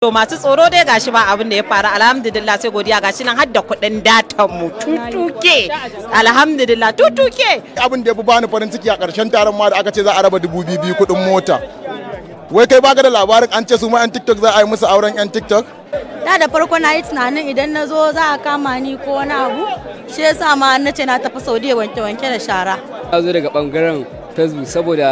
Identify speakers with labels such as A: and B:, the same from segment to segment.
A: To masu tsoro dai gashi ba abin da ya faru alhamdulillah sai godiya gashi nan har da kuɗin datan mu tutuke alhamdulillah tutuke abin da ya fi bani farin ciki a ƙarshen taron ma da aka ce za a raba dubu biyu kuɗin mota wai kai baka da labarin an ce su ma yan tiktok za a yi musu auren yan tiktok
B: da da farko na yi tunanin idan na zo za a kama ni ko wani abu shi yasa ma na ce na tafi saudiya wanke-wanke da shara
C: na zo daga bangaren facebook saboda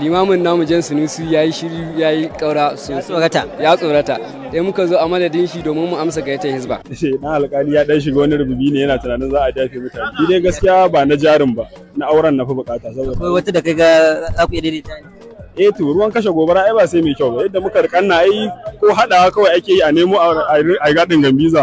C: limamin namu jan sunusi ya yi shiri ya yi kaura, tsorata ya tsorata sai muka zo a madadin shi domin mu amsa gaita hizba
D: eh, na alƙali ya dan shiga wani rububi ne yana tunanin za a dafe mutane ni dai gaskiya ba na jarin ba na auren na fi bukata saboda akwai wata da kai ga za ku iya daidaita eh to ruwan kashe gobara ai ba sai mai kyau ba yadda muka rikanna ai ko hadawa kawai ake yi a nemo a gadin gambiza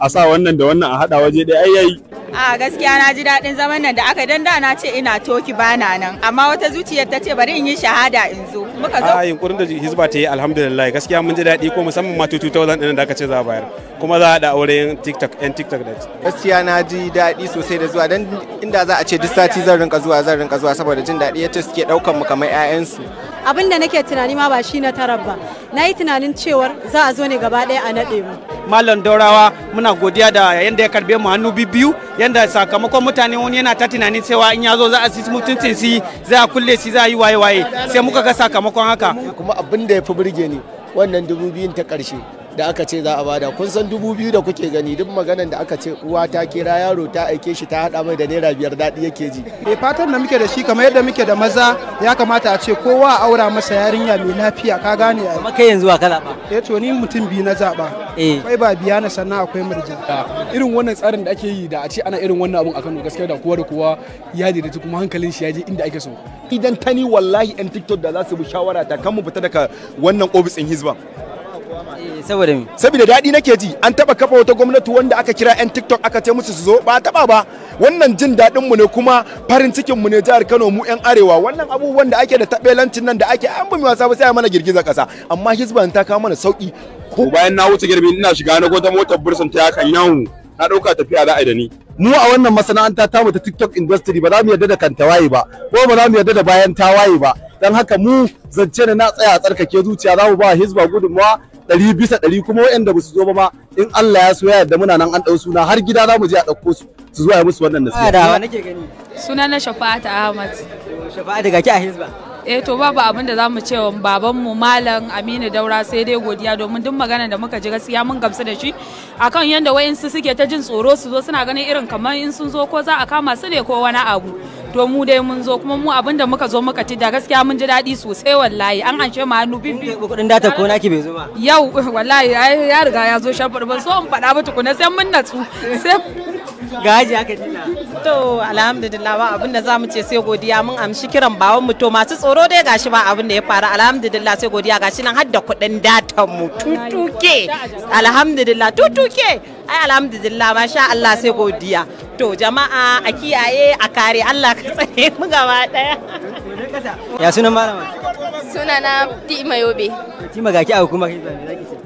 D: a sa wannan da wannan a hada waje ɗaya ai
E: a gaskiya na ji daɗin zaman nan da aka dan da na ce ina toki bana nan amma wata zuciyar ta ce bari in yi shahada in zo muka zo a
A: yunkurin da hizba ta yi alhamdulillah gaskiya mun ji daɗi ko musamman ma 2000 ɗin da aka ce za a bayar kuma za a da aure yan tiktok yan tiktok da
B: gaskiya na ji daɗi sosai da zuwa dan inda za a ce duk sati zan rinka zuwa zan rinka zuwa saboda jin daɗi ce suke ɗaukan mu kamar 'ya'yansu
E: abin da nake tunani ma ba shi na tarar ba na yi tunanin cewar za
A: a zo ne gaba ɗaya a naɗe mu
B: malam daurawa muna godiya da yadda ya karbe mu hannu biyu yadda sakamakon mutane wani yana ta tunanin cewa in ya zo za a si mutuncin si za a kulle si za
F: a yi waye waye sai muka ga sakamakon haka kuma abin da ya fi burge ni wannan dubu biyun ta karshe. da aka ce za a bada kun san dubu biyu da kuke gani duk maganan da aka ce uwa ta kira yaro
A: ta aike shi ta hada mai da naira biyar daɗi yake ji. Me fatan da muke da shi kamar yadda muke da maza ya kamata a ce kowa a aura masa yarinya mai lafiya ka gane a. kai yanzu ka zaɓa. Eh to ni mutum biyu na zaɓa. Eh. Akwai ba biya na sannan akwai murji. Irin wannan tsarin da ake yi da a ce ana irin wannan abun a Kano gaskiya da kowa da kowa ya je da kuma hankalin shi ya je inda ake so. Idan tani wallahi 'yan TikTok da za su bi shawara ta kan mu fita daga wannan ofisin Hizba. Eh, saboda mi saboda daɗi nake ji an taba kafa wata gwamnati wanda aka kira 'yan tiktok aka ce musu su zo ba taɓa ba wannan jin daɗin mu ne kuma farin cikin mu ne jihar kano mu 'yan arewa wannan abubuwan da ake da taɓelancin nan da ake an bumi wasa ba sai mana girgiza kasa amma hizban ta kawo mana sauki
D: ko bayan na wuce girbi ina shiga na gota motar bursun ta yakan yawo na ɗauka tafiya za a da ni
G: mu a wannan masana'anta mu ta tiktok industry ba za mu yarda da kanta waye ba ko ba za mu yarda da bayan ta waye ba dan haka mu zance na tsaya a tsarkake zuciya za mu ba hizba gudunmawa ɗari bisa ɗari kuma waɗanda ba su zo ba ma in Allah ya so ya yarda muna nan an ɗau suna har gida za mu je a ɗauko su su zo a musu wannan nasiha. Ba wa
C: nake gani. Suna na Shafa'atu Ahmad. Shafa'atu ga ki a hisba eh to babu abin da zamu ce wa mu malam Aminu Daura sai dai godiya domin duk magana da muka ji gaskiya mun gamsu da shi akan yanda wayansu suke ta jin tsoro su zo suna ganin irin kamar in sun zo ko za a kama su ne ko wani abu to mu dai mun zo kuma mu abin da muka zo muka ci da gaskiya mun ji daɗi sosai wallahi an anshe ma hannu bibi kudin data ko
E: naki bai zo ba
C: yau wallahi ya riga ya zo shafar ban so in faɗa ba tukuna sai mun natsu sai
E: gaji hajiya Kadina. To alhamdulillah ba abin da zamu ce sai godiya mun amshi kiran bawan mu to masu tsoro dai gashi ba abin da ya faru alhamdulillah sai godiya gashi nan har da kuɗin datan mu tutuke alhamdulillah tutuke ai alhamdulillah masha Allah sai godiya to jama'a a kiyaye a kare Allah ka tsare mu gaba daya ya sunan malama sunana ti mayobe ti magaki a hukumar Hizba me zaki ce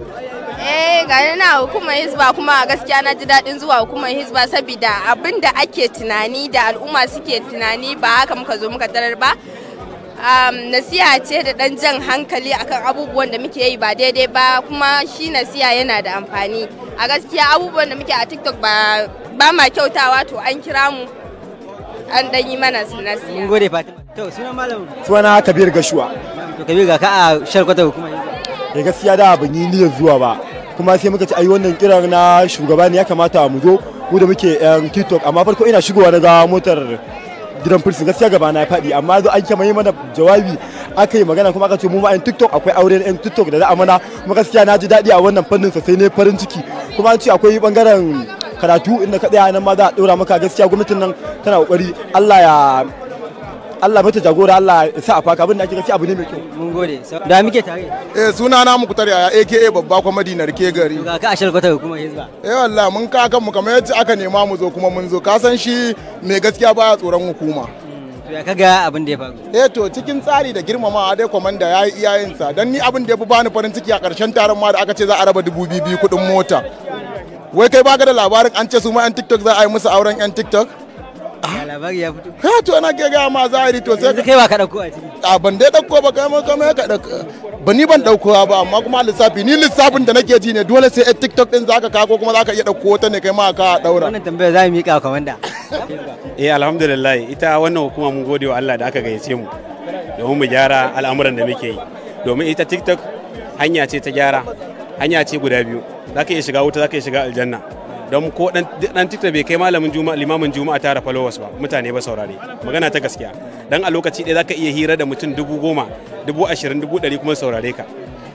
E: eh ga na hukumar hisba kuma gaskiya na ji daɗin zuwa hukumar hisba saboda abin da ake tunani da al'umma suke tunani ba haka muka zo muka tarar ba um, nasiya ce da ɗan jan hankali akan abubuwan da muke yi ba daidai ba kuma shi nasiya yana da amfani a gaskiya abubuwan da muke a tiktok ba, ba ma kyautawa to an kira mu an ɗan yi mana nasiya. Mun gode Fatima. To suna malam.
A: suna Kabir Gashuwa. To Kabir ga ka a sharkwata hukumar hisba. Eh, gaskiya da ban yi niyyar zuwa ba kuma sai muka ci ayi wannan kiran na shugaba ne ya kamata mu zo mu da muke yan eh, tiktok amma farko ina shigowa na ga motar gidan firsin gaskiya gaba na faɗi amma zo an kama yi mana jawabi aka yi magana kuma aka ce mu ma yan tiktok akwai aure yan tiktok da za a mana kuma gaskiya na ji daɗi a wannan fannin sosai ne farin ciki kuma an ce akwai bangaren karatu inda ka tsaya nan ma za a ɗora maka gaskiya gwamnatin nan tana kokari Allah ya Allah mata jagora Allah ya sa a faka abin da ake gaci abu ne mai kyau
E: mun gode da muke tare
A: eh suna na muku tare a AKA babba kuma dinar ke gari ga ka ashar kwata kuma hizba eh wallahi mun ka kan mu kamar yadda aka nema mu zo kuma mun zo ka san shi mai gaskiya baya tsoron hukuma mm,
E: ya kaga abin da ya faru
A: eh to cikin tsari da girmamawa dai komanda yayi iyayensa dan ni abin da ya fi bani farin ciki a karshen taron ma da aka ce za a raba dubu biyu kudin mota wai kai baka da labarin an ce su ma yan tiktok za a yi musu auren yan tiktok ha to ana ke gaya ma zahiri to sai kai ba ka dauko a ciki a ban dai dauko ba kai ma kamar ka dauko ba ni ban dauko ba amma kuma lissafi ni lissafin da nake ji ne dole sai tiktok din zaka ka ko kuma zaka iya dauko wata ne kai ma ka daura wannan tambaya za mu yi ka komanda eh alhamdulillah ita wannan hukuma mun gode wa Allah da aka gayyace mu domin mu gyara al'amuran da muke yi domin ita tiktok hanya ce ta gyara hanya ce guda biyu zaka iya shiga wuta zaka iya shiga aljanna don ko dan tiktok bai kai malamin juma'a limamin juma'a tara followers ba mutane ba saurare magana ta gaskiya dan a lokaci ɗaya zaka iya hira da mutum dubu goma dubu ashirin dubu ɗari kuma saurare ka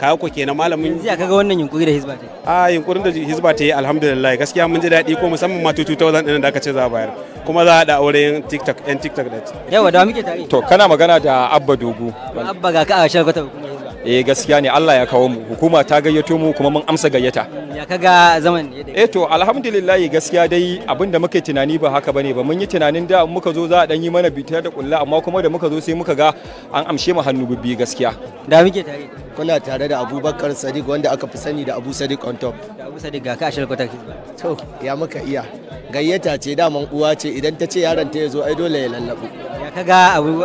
A: kawo ko kenan malamin yanzu ya kaga wannan yunkuri da hizba ta a yunkurin da hizba ta yi alhamdulillah gaskiya mun ji daɗi ko musamman ma 2000 ɗin da aka ce za a bayar kuma za a da auren tiktok yan tiktok da yawa da muke tare to kana magana da abba dogo abba ga ka a shar kuma eh gaskiya ne Allah ya kawo mu hukuma ta gayyato mu kuma mun amsa gayyata ya kaga zaman eh to alhamdulillah gaskiya dai abinda muke tunani ba haka bane ba mun yi tunanin da muka zo za a dan yi mana bitar da kullu amma kuma da muka zo sai muka ga an amshe mu hannu bibbi gaskiya da muke tare kuna tare
F: da Abubakar Sadiq wanda aka fi sani da Abu Sadiq on top da Abu Sadiq ga ka ashir kwata to ya muka iya gayyata ce daman uwa ce idan ta ce yaron ta ya zo ai dole ya lallabu kaga abu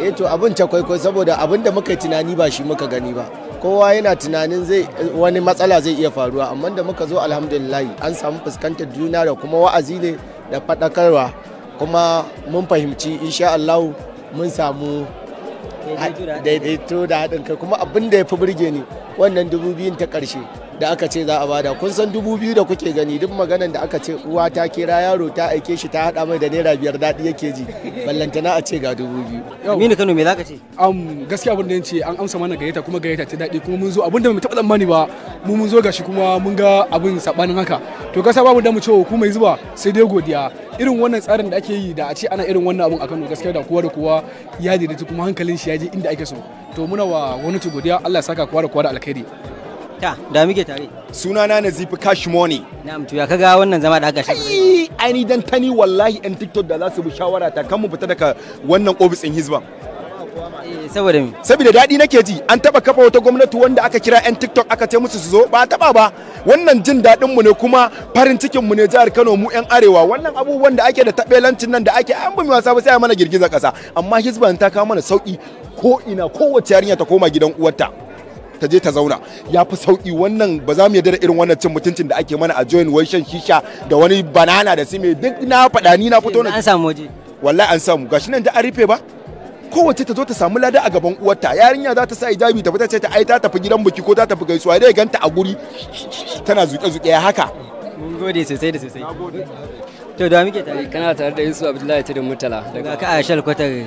F: eh to abun ta kwaikwayo saboda abin da muka tunani ba shi muka gani ba kowa yana tunanin zai wani matsala zai iya faruwa amma da muka zo alhamdulillah an samu fuskantar juna da kuma wa'azi ne da faɗakarwa kuma mun fahimci insha Allah mun samu daidaito da haɗin kai kuma abin da ya fi burge ni wannan dubu biyun ta ƙarshe da aka ce za a bada kun san dubu biyu da kuke gani duk maganan da aka ce uwa ta kira yaro ta aike shi ta hada mai da naira biyar daɗi yake ji ballantana a ce ga dubu biyu. Mini Kano
A: me ka ce? Um, gaskiya abin da ya ce an amsa mana gayyata kuma gayyata ta daɗi kuma mun zo abin da bai taɓa tsammani ba mu mun zo gashi kuma mun ga abin sabanin haka to kasa babu da mu ku mai zuba sai dai godiya irin wannan tsarin da ake yi da a ce ana irin wannan abun a Kano gaskiya da kowa da kowa ya daidaita kuma hankalin shi ya je inda ake so to muna wa gwamnati godiya Allah ya saka kowa da kowa da alkhairi Ta, da muke tare. Suna na Nazifi Cash Money. na mutu ya kaga wannan zama da aka shi. Ai ni dan tani wallahi ɗan TikTok da za su bi shawara ta kan mu fita daga wannan office Hizban. Eh, saboda mi? saboda daɗi nake ji an taɓa kafa wata gwamnati wanda aka kira 'yan tiktok aka ce musu su zo ba taɓa ba wannan jin daɗin mu ne kuma farin cikin mu ne jihar kano mu 'yan arewa wannan abubuwan da ake da taɓelancin nan da ake an bumi wasa ba sai a mana girgiza ƙasa amma hisban ta kawo mana sauƙi ko ina kowace yarinya ta koma gidan uwarta ta je ta zauna ya fi sauki wannan ba za mu yarda da irin wannan cin mutuncin da ake mana a join wai shan shisha da wani banana da sime duk na faɗa ni na fito na an samu waje wallahi an samu gashi nan da an rufe ba kowace ta zo ta samu lada a gaban uwarta yarinya za ta sa hijabi ta fita ce ta ai ta tafi gidan biki ko ta tafi gaisuwa dai ganta a guri tana zuke zuke haka
C: mun gode sosai da sosai
A: to da muke tare
C: kana tare da Yusuf Abdullahi da Mutala daga ka Aishal
E: kwatar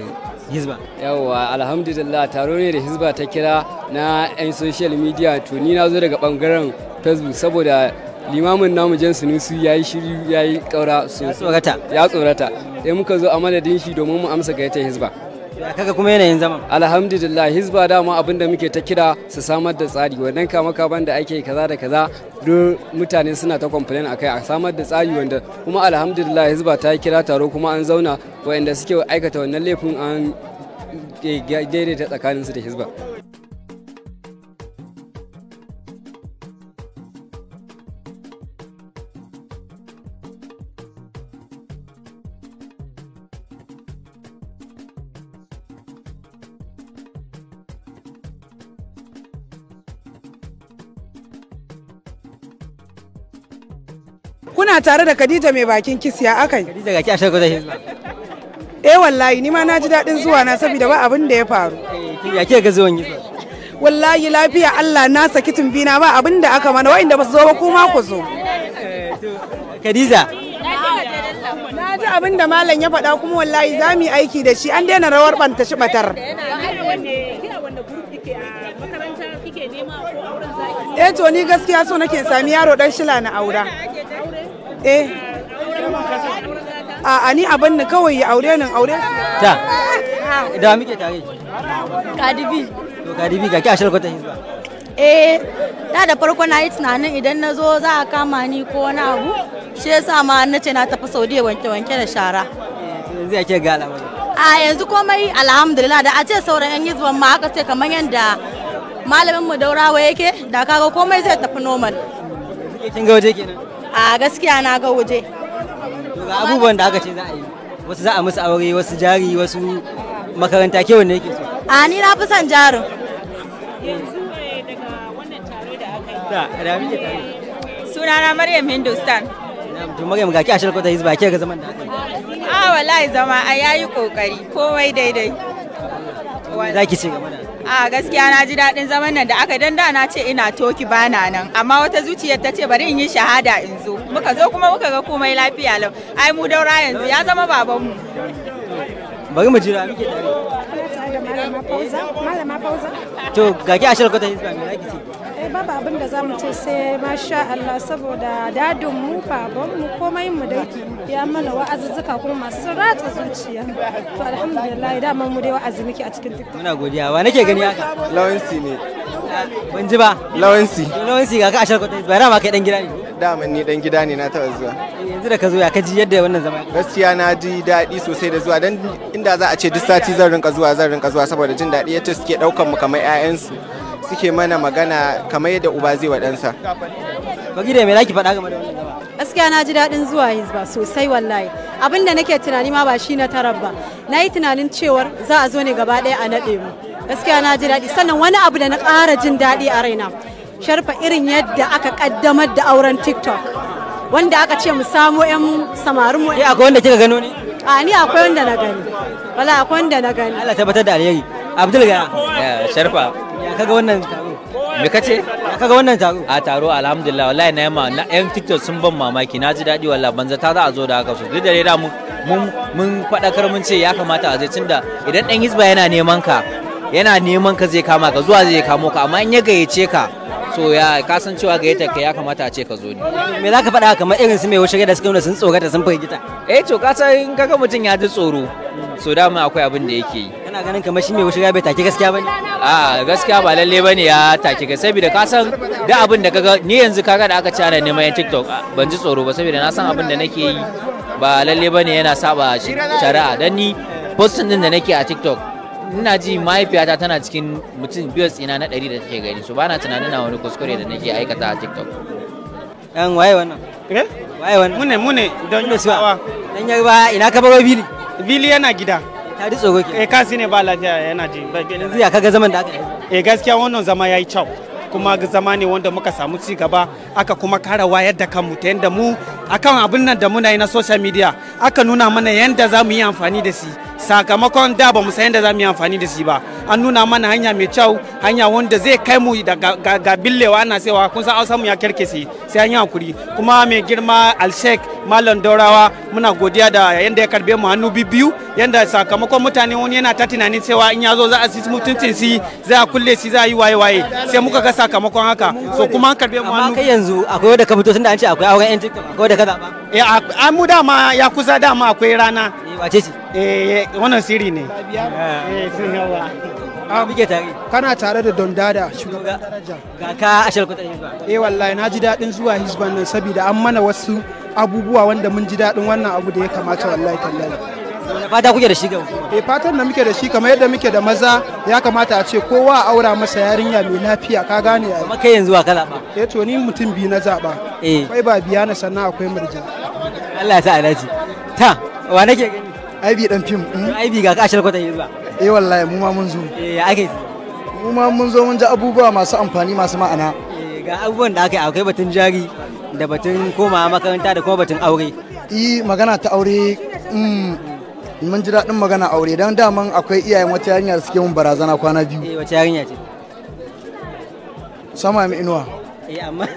E: Hizba
C: yawwa alhamdulillah taro ne da Hizba ta kira na yan social media to ni na zo daga bangaren Facebook saboda limamin namu jan sunusu ya yi shiru ya yi kaura tsorata. ya tsorata sai muka zo a madadin shi domin mu amsa gayyatar Hizba kaga kuma yanayin zaman alhamdulillah hizba dama abin da muke ta kira su samar da tsari wannan kama kaban da ake kaza da kaza duk mutane suna ta complain akai a samar da tsari wanda kuma alhamdulillah hizba ta kira taro kuma an zauna wayanda suke aikata wannan laifin an daidaita tsakaninsu da hizba
B: tare da Khadija mai bakin kisiya akai. Khadija ga ki a shago zai Eh wallahi ni ma na ji daɗin zuwa na saboda ba abin da ya faru. Ya eh, ke ga zuwan yi Wallahi lafiya Allah na saki tumbina ba abin da aka mana wa'inda ba su zo ba kuma ku zo. Eh, Khadija Na ji abin da malam ya faɗa kuma wallahi za mu yi aiki da shi an daina rawar banta shi ɓatar. Eh to ni gaskiya so nake sami yaro dan shila na aura. eh a ni abin da kawai ya aure nan aure ta ah. da muke tare kadibi
E: to kadibi ga ki a shirka ta hizba
B: eh da da farko na yi tunanin idan na zo za a kama ni ko wani abu shi sa ma na ce na tafi saudiya wanke-wanke da shara
E: eh, zai ake gala
B: a yanzu komai alhamdulillah da a ce sauran yan hizban ma haka ce kamar yadda malamin mu daurawa yake da kaga komai zai tafi normal
E: kin ga waje kenan
B: a gaskiya na ga waje abubuwan da aka ce za a yi
E: wasu za a musu aure wasu jari wasu makaranta kewa ne yake so
B: a ni na fi son jarin yanzu eh,
E: daga wannan taro da aka yi da muke tare sunana maryam hindustan to maryam ga ki a shirkota hizba ke ga zaman da aka yi a ah, wallahi zama a yayi kokari komai daidai za ki ce game da a gaskiya na ji daɗin zaman nan da aka danda na ce ina toki bana nan amma wata zuciyar ta ce bari in yi shahada in zo muka zo kuma muka ga komai lafiya lau ai mu daura yanzu
B: ya zama mu
E: bari mu jira muke
B: tare malama pauza malama pauza
E: to ga a shirka ta hisba me zaki ce
B: eh babu abin da za mu ce sai masha Allah saboda dadin mu babon mu komai mu dai ya mana wa'azuzzuka kuma masu ratsa zuciya to alhamdulillah mun mu dai wa'azi muke a cikin tiktok
E: muna godiya wa nake gani haka lawansi ne ban ji ba lawansi lawansi ga ka ashar kwatai
B: ba rama kai dan gida ne dama ni dan gida ne na taba zuwa eh, yanzu da ka zo ya ka ji yadda wannan zama gaskiya na ji daɗi sosai da zuwa dan inda za a ce duk sati zan rinka zuwa zan rinka zuwa saboda jin daɗi yace suke daukan mu kamar 'ya'yansu suke mana magana kamar yadda uba zai waɗansa. Bagi da mai laki faɗa game da wannan gaba?
E: Gaskiya na ji daɗin zuwa Hizba sosai wallahi. Abin da nake tunani ma ba shi na tarar ba. Na yi tunanin cewar za a zo ne gaba ɗaya a naɗe mu. Gaskiya na ji daɗi sannan wani abu da na ƙara jin daɗi a raina. Sharfa irin yadda aka ƙaddamar da auren TikTok. Wanda aka ce mu samo 'yan samarin mu. Ni akwai wanda kika gano ni. A ni akwai wanda na gani. Wala akwai wanda na gani. Allah tabbatar da alheri. Abdul Gara. Sharfa. kaga wannan taro me kace kaga wannan taro a taro alhamdulillah wallahi na yamma na yan tiktok sun ban mamaki na ji daɗi wallahi banza ta za a zo da haka so duk da dai mun mun mun faɗakar mun ce ya kamata a je tunda idan ɗan hisba yana neman ka yana neman ka zai kama ka zuwa zai kamo ka amma in ya gayyace ka so ya san cewa gayyata ka ya kamata a ce ka zo ne me za ka faɗa kamar irin su mai wuce da suka nuna sun tsorata sun firgita eh to ka san kaga mutum ya ji tsoro so dama akwai abin da yake yi kana ganin kamar shi mai ya bai take gaskiya
C: bane a gaskiya ba lalle bane ya take ga saboda ka san da abin da kaga ni yanzu kaga da aka cana neman yan TikTok ban ji tsoro ba saboda na san abin da nake yi ba lalle bane yana saba shari'a dan ni postin din da nake a TikTok ina ji mahaifiyata
E: tana cikin mutum biyar tsina na ɗari da take gani so bana tunanin na wani kuskure da nake aikata a TikTok
B: yan waye wannan eh waye wannan mune mune don yawa dan yarba ina ka baro bili bili yana gida ta ritso ke eh kasi ne ba lafiya yana ji yanzu ya kaga zaman da aka eh gaskiya wannan zama yayi kyau kuma zama ne wanda muka samu ci gaba aka kuma kara wayar da kanmu ta yanda mu akan abin nan da muna yi na social media aka nuna mana yadda za mu yi amfani da shi sakamakon da ba mu san yadda za mu yi amfani da shi ba an nuna mana hanya mai kyau hanya wanda zai kai mu da ga billewa ana cewa kun san hausa mu ya kerkese sai an yi hakuri kuma mai girma alshek malam daurawa muna godiya da yadda ya karbe mu hannu biyu yadda sakamakon mutane wani yana ta tunanin cewa in ya zo za a ci mutuncin shi za a kulle shi za a yi waye waye sai muka ga sakamakon haka so kuma an karbe mu hannu amma kai yanzu akwai wanda ka fito tunda an ce akwai auren yan tiktok akwai wanda ka zaba Eh, an mu dama ya kusa dama akwai rana eh, eh, eh wannan siri ne eh sun yawa ah,
A: muke tare kana tare da dondada shugaban daraja ga ka ashar eh wallahi na ji daɗin zuwa hisban nan saboda an mana wasu abubuwa wanda mun ji daɗin wannan abu da ya kamata wallahi tallahi fata kuke da shi ga eh fatan da muke da shi kamar yadda muke da maza ya kamata a ce kowa a aura masa yarinya mai lafiya ka gane ai kai yanzu ka zaba eh to ni mutum bi na zaba akwai biya na sannan akwai murja Allah ya sa alaji ta
E: wa nake gani aibi dan fim eh? aibi ga kashar kwata yanzu ba eh wallahi mu ma mun zo eh ake
A: mu ma mun zo mun ji abubuwa masu amfani masu ma'ana
E: eh, ga abubuwan da aka yi akwai batun jari da batun koma makaranta da kuma batun aure
A: eh magana ta aure mm, mun ji daɗin magana aure don daman akwai iyayen wata yarinya da suke mun barazana kwana biyu eh wata yarinya ce sama mai inuwa
G: eh
E: amma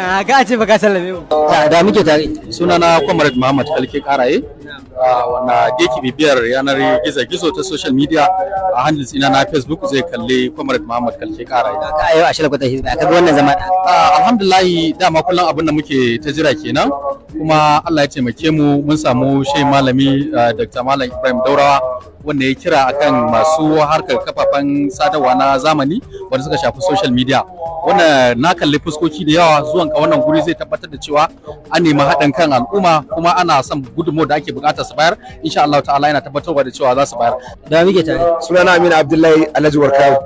E: Ah, ka ce sallame
G: ah, da muke tare sunana comrade muhammad alke karaye ah, wanda da bibiyar yanar gizo gizo ta social media a handles ina na facebook zai kalli comrade muhammad kalke karaye ka yau a shirkwata hizba ka wannan dama kullum abin da muke ta jira kenan kuma Allah ya taimake mu mun samu shai malami dr malam ibrahim daurawa wanda ya kira akan masu harkar kafafen sadarwa na zamani wanda suka shafi social media wanda na kalli fuskoki da yawa zuwan ka wannan guri zai tabbatar da cewa an nemi haɗin kan al'umma kuma ana son gudunmawar da ake bukata su bayar insha Allah ta'ala yana tabbatarwa da cewa za su bayar da muke tare sunana Aminu
A: Abdullahi Alhaji Warkawo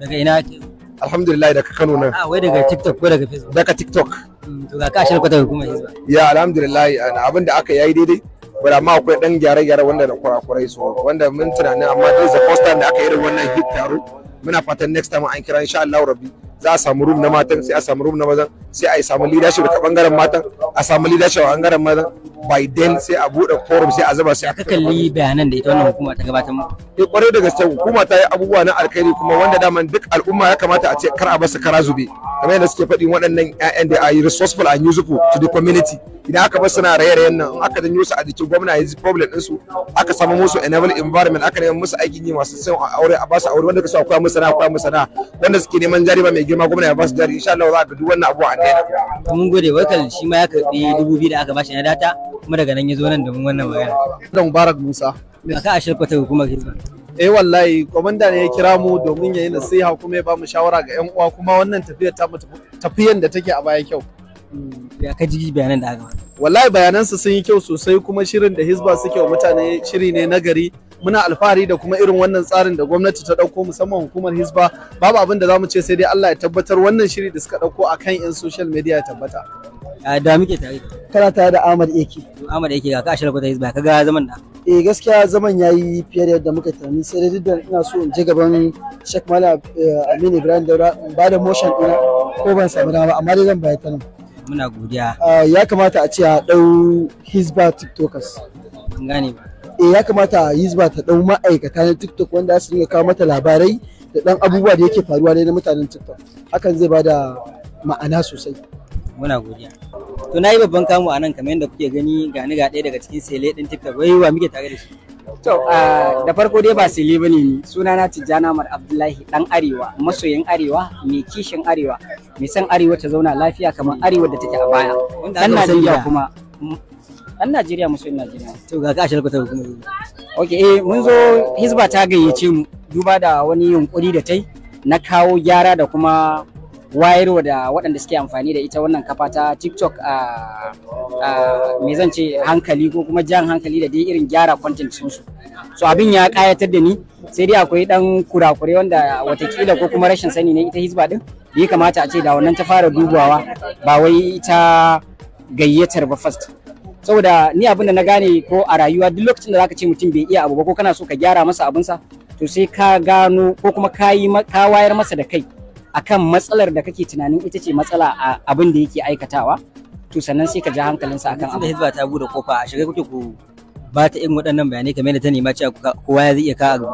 A: daga ina alhamdulillah daga Kano nan ah wai daga TikTok ko daga Facebook daga TikTok mm, to ga ka shirka da hukumar Hizba ya alhamdulillah abin da aka yayi daidai but amma akwai dan gyare-gyare wanda da kurakurai so wanda mun tunanin amma dai the first time da aka irin wannan hit taro muna fatan next time an kira insha Allah rabbi za a samu room na matan sai a samu room na mazan sai a samu leadership daga bangaren matan a samu leadership a bangaren mazan by then sai a bude forum sai a zuba sai a kalli bayanan da ita wannan hukuma ta gabatar mu eh kwarai da gaske hukuma ta yi abubuwa na alkhairi kuma wanda daman duk al'umma ya kamata a ce kar a basu kara zube kamar yadda suke faɗi waɗannan ƴaƴan da resourceful and useful to the community idan aka bar suna raye-rayen nan in aka janyo su a jikin gwamna yanzu problem din su aka samu musu enable environment aka neman musu aikin yi masu son aure a basu aure wanda ka so akwai musu na akwai musu na wanda suke neman jari ba mai girma gwamna ya basu jari insha Allah za ka duk wannan abu a daina mun gode wakal shi ma ya karbi dubu biyu da aka bashi na data
E: kuma daga nan ya zo nan domin
G: wannan magana Dan
E: Mubarak Musa aka a kwata hukumar Hizba
G: eh wallahi komanda ne ya kira mu domin ya yi nasiha kuma ya ba mu shawara ga yan uwa kuma wannan tafiyar ta tafiyan da take a baya kyau
E: ya ka bayanan da
G: aka wallahi bayanansu sun yi kyau sosai kuma shirin da hisba suke wa mutane shiri ne na gari muna alfahari da kuma irin wannan tsarin da gwamnati ta ɗauko musamman hukumar hisba babu abin da zamu ce sai dai Allah ya tabbatar wannan shiri da suka ɗauko a kan yan social media ya tabbata
F: da muke tare kana tare da Ahmad Eke
G: Ahmad
E: Eke ga ka ashirar kwata
F: hisba kaga zaman da eh gaskiya zaman yayi fiye da yadda muka tunani sai dai duk da ina so in je gaban Sheikh Mala eh, Amin, Ibrahim Daura in ba da motion ina ko ban samu dama amma dai zan bayyana
E: muna godiya
F: ah, ya kamata a ce a ɗau hisba tiktokers gane ba eh, ya kamata hisba ta ɗau ma'aikata na tiktok wanda su dinga kawo mata labarai da ɗan abubuwa da yake faruwa ne na mutanen tiktok hakan zai bada ma'ana sosai
E: muna godiya to na yi babban kamu a nan kamar yadda kuke gani ga ni ga ɗaya daga cikin sele
C: ɗin tiktok wai wa muke tare da shi To da farko dai ba sili bane ni na Tijjana Mar Abdullahi dan Arewa masoyin Arewa mai kishin Arewa mai san Arewa ta zauna lafiya kamar Arewa da take a baya. Dan Najeriya kuma dan Najeriya masoyin Najeriya. To ga ka ta kuma. Okay eh mun zo Hizba ta gayyace mu duba da wani yunkuri da tai na kawo gyara da kuma wayarwa da waɗanda suke amfani da ita wannan kafa ta tiktok a me zan ce hankali ko kuma jan hankali da dai irin gyara content sun su so abin ya kayatar da ni sai dai akwai dan kurakure wanda watakila ko kuma rashin sani ne ita hizba din da ya kamata a ce da wannan ta fara dubawa ba wai ita gayyatar ba first saboda ni abin da na gane ko a rayuwa duk lokacin da zaka ce mutum bai iya abu ba ko kana so ka gyara masa abinsa to sai ka gano ko kuma ka wayar masa da kai akan matsalar da kake tunanin ita ce matsala a abin da yake aikatawa to sannan sai ka ja hankalinsa akan abin da hizba
E: ta bude kofa a shirye kuke ku ba ta irin waɗannan bayanai kamar da ta nema cewa kowa ya zai iya kawo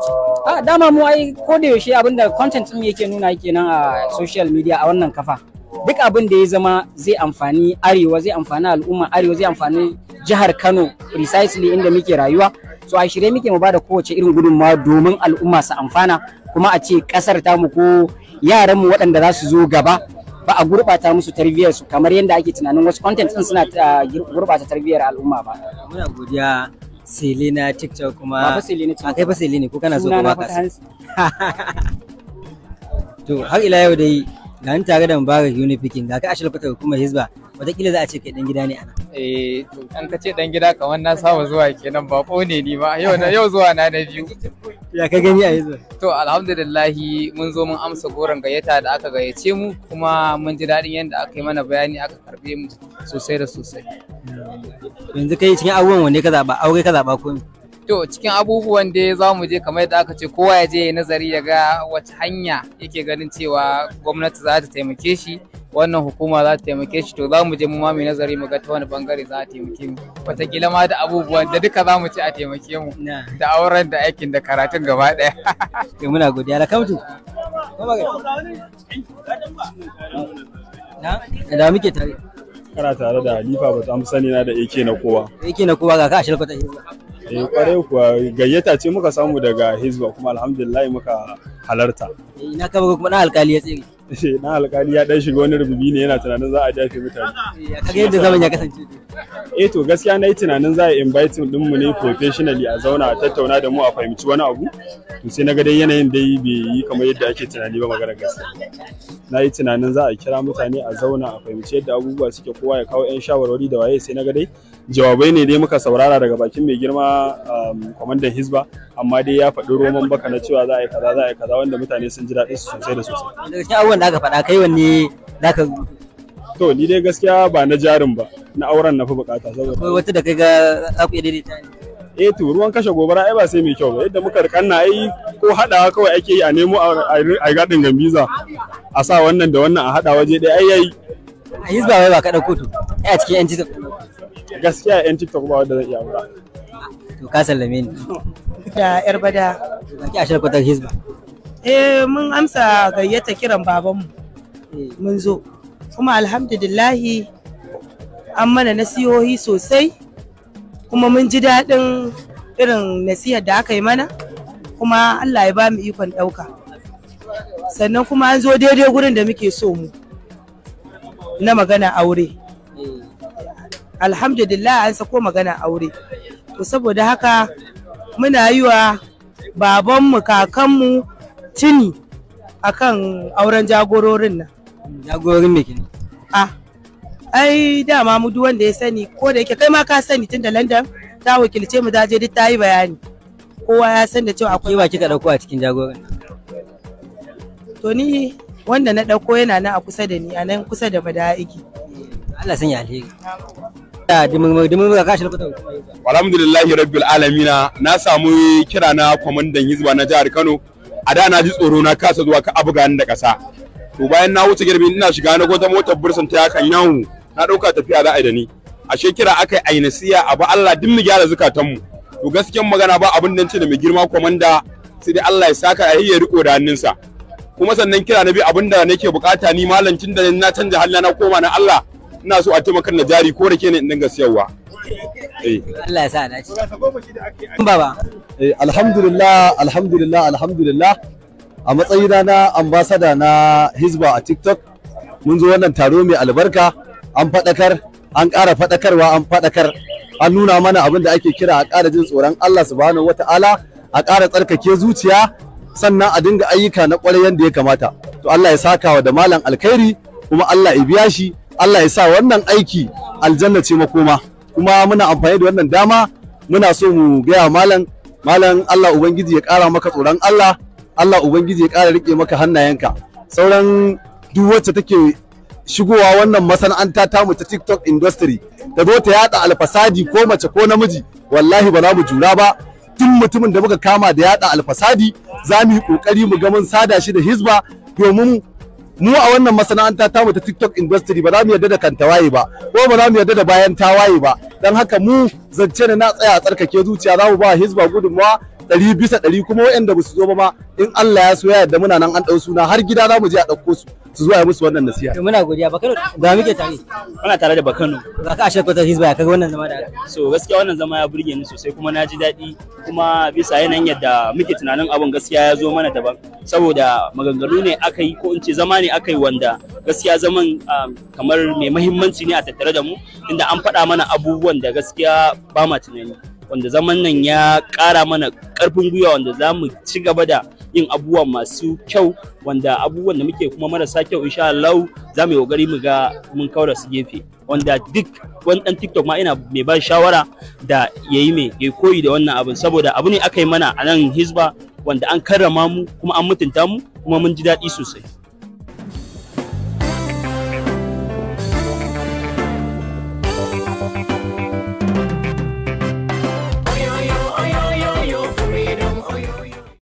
C: a a dama mu ai ko da yaushe abin da content din yake nuna yake nan a social media a wannan kafa duk abin da ya zama zai amfani arewa zai amfani al'umma arewa zai amfani jihar Kano precisely inda muke rayuwa so a shirye muke mu da kowace irin gudunmawa domin al'umma su amfana kuma a ce kasar tamu ko yaranmu waɗanda za su zo gaba ba a gurɓata musu tarbiyyar su kamar yadda ake tunanin wasu content din suna ah, gurɓata tarbiyyar al'umma ba.
E: Muna godiya Sele na TikTok kuma ba Sele ne a ah, kai ba Sele ne ko kana so kuma ka To har ila yau dai ga tare da Mubarak Unifikin ga ka ashir fata hukumar Hizba wataƙila za a ce kai ɗan gida ne ana.
C: Eh, an ka ce ɗan gida kamar na saba zuwa kenan ba ne ni ba yau yau zuwa na na biyu.
E: Ya ka gani a yanzu?
C: To alhamdulillahi mun zo mun amsa goron gayyata da aka gayyace mu kuma mun ji daɗin yadda aka yi mana bayani aka karɓe mu sosai da sosai.
E: Yanzu kai cikin abubuwan wanne ka zaɓa aure ka zaɓa ko
C: To cikin abubuwan da za mu je kamar yadda aka ce kowa ya je nazari ya ga wata hanya yake ganin cewa gwamnati za ta taimake shi wannan hukuma za ta taimake shi to za mu je mu ma mu nazari mu ga ta wani bangare za a taimake mu wataƙila ma da abubuwan da duka za mu ci a taimake mu da auren da aikin da karatun gaba ɗaya. to muna godiya
D: da kamtu. Da muke tare. Kana tare da Halifa ba ta sani na da AK na kowa. AK na kowa ga ka a ta eh kwarai kuwa gayyata ce muka samu daga hizba kuma alhamdulillah muka halarta eh, ina ka kuma na alkali ya tsere Eh, na alkali ya dan shiga wani rububi ne yana tunanin za a jafe mutane kaga yadda zaman ya kasance eh to gaskiya na yi tunanin za a invite din mu ne professionally a zauna a tattauna da mu a fahimci wani abu to sai na ga dai yanayin dai bai yi kamar yadda ake tunani ba magana gaskiya na yi tunanin za a kira mutane a zauna a fahimci yadda abubuwa suke kowa ya kawo yan shawarwari da waye sai na ga dai jawabai ne dai muka saurara daga bakin mai girma um, kwamandan hizba amma dai ya faɗi roman baka na cewa za a yi kaza za a yi kaza wanda mutane sun ji daɗin su sosai da sosai daga cikin abubuwan da aka faɗa kai wanne za ka to ni dai gaskiya ba na jarin ba na auren na fi bukata saboda akwai wata da kai ga za ku iya daidaita ne eh to ruwan kashe gobara ai ba sai mai kyau ba yadda muka rikanna ai ko haɗawa kawai ake yi a nemo a gadin gambiza a sa wannan da wannan a haɗa waje ɗaya ai yayi a hizba wai ba ka ɗauko to ai a cikin 'yan cikin gaskiya yan tiktok ba wanda zan iya mura.
E: to ka sallame ni
B: da yar bada
E: ki a ta hizba
B: eh mun amsa gayyata kiran babanmu eh. mun zo kuma alhamdulillahi an mana nasihohi sosai kuma mun ji daɗin irin nasihar da aka yi mana kuma Allah ya ba mu ikon ɗauka sannan kuma an zo daidai gurin da muke so mu na magana aure eh. alhamdulillah an sako magana aure to saboda haka muna yi wa babanmu kakanmu
E: tuni akan auren jagororin nan jagororin me kin a ah, ai dama mu duk wanda ya sani ko da yake kai ma ka sani tun da London ta wakilce mu daje duk ta yi bayani kowa ya san da cewa akwai ba kika dauko a cikin jagoran
B: to ni wanda na dauko yana nan a kusa da ni a nan kusa da mada'iki
E: Allah sanya alheri alhamdulillahi
D: rabbil alamina na samu kira na kwamandan hizba na jihar kano a da na ji tsoro na kasa zuwa ka abu da kasa to bayan na wuce girbi ina shiga na gwada motar bursan ta kan yawo na ɗauka tafiya za a yi da ni ashe kira aka yi aina siya abu allah duk mu gyara zukatanmu to gaskiyan magana ba abin da ce da mai girma kwamanda sai dai allah ya saka a yi ya riko da hannunsa kuma sannan kira na bi abin da nake bukata ni malancin da na canja halina na koma na allah ina so a taimakar na jari ko rake ne in dinga siyarwa
G: eh.
E: Allah ya sa dace
G: baba eh, alhamdulillah alhamdulillah alhamdulillah a matsayina na ambasada na Hizba a TikTok mun zo wannan taro mai albarka an faɗakar an ƙara faɗakarwa an faɗakar an nuna mana abin da ake kira a ƙara jin tsoron Allah subhanahu wata'ala a ƙara tsarkake zuciya sannan a dinga ayyuka na ƙwarai yadda ya kamata to Allah ya sakawa da malam alkhairi kuma Allah ya biya shi Allah ya sa wannan aiki aljanna ce makoma kuma muna amfani da wannan dama muna so mu gaya malam malam Allah ubangiji ya kara maka tsoron Allah Allah ubangiji ya kara rike maka hannayenka sauran duk wacce take shigowa wannan masana'anta ta mu ta TikTok industry ta zo ta yada alfasadi ko mace ko namiji wallahi ba za mu jura ba tun mutumin da muka kama da yada alfasadi za mu yi kokari mu ga mun sada shi da hizba domin mu a wannan masana'anta ta mu ta TikTok industry ba za mu yarda da kan tawaye ba ko ba za mu yarda da bayan ta waye ba dan haka mu zance ne na tsaya a tsarkake zuciya za mu ba hizba gudunmawa ɗari bisa ɗari kuma waɗanda ba su zo ba ma in Allah ya so ya yarda muna nan an ɗau suna har gida za mu je a ɗauko su su zuwa musu wannan nasiha
D: muna godiya bakano
G: ga muke tare muna tare da bakano ga ka ashe kwata hisba kaga wannan zama da
D: so gaskiya wannan zama ya burge ni sosai kuma na ji daɗi kuma bisa yanayin yadda muke tunanin abun gaskiya ya zo mana daban saboda maganganu ne aka yi ko in ce zama ne aka wanda gaskiya zaman ah, kamar mai muhimmanci ne a tattare da mu inda an faɗa mana abubuwan da gaskiya ba ma tunani wanda zaman nan ya kara mana karfin gwiwa wanda za mu ci gaba da yin abubuwa masu kyau wanda abubuwan da muke kuma marasa kyau insha Allah za mu yi kokari mu ga mun kaura su gefe wanda duk wani dan TikTok ma ina mai ba shawara da yayi mai ya koyi da wannan abin saboda abu ne aka yi mana a nan Hizba wanda an karrama mu kuma an mutunta mu kuma mun ji daɗi sosai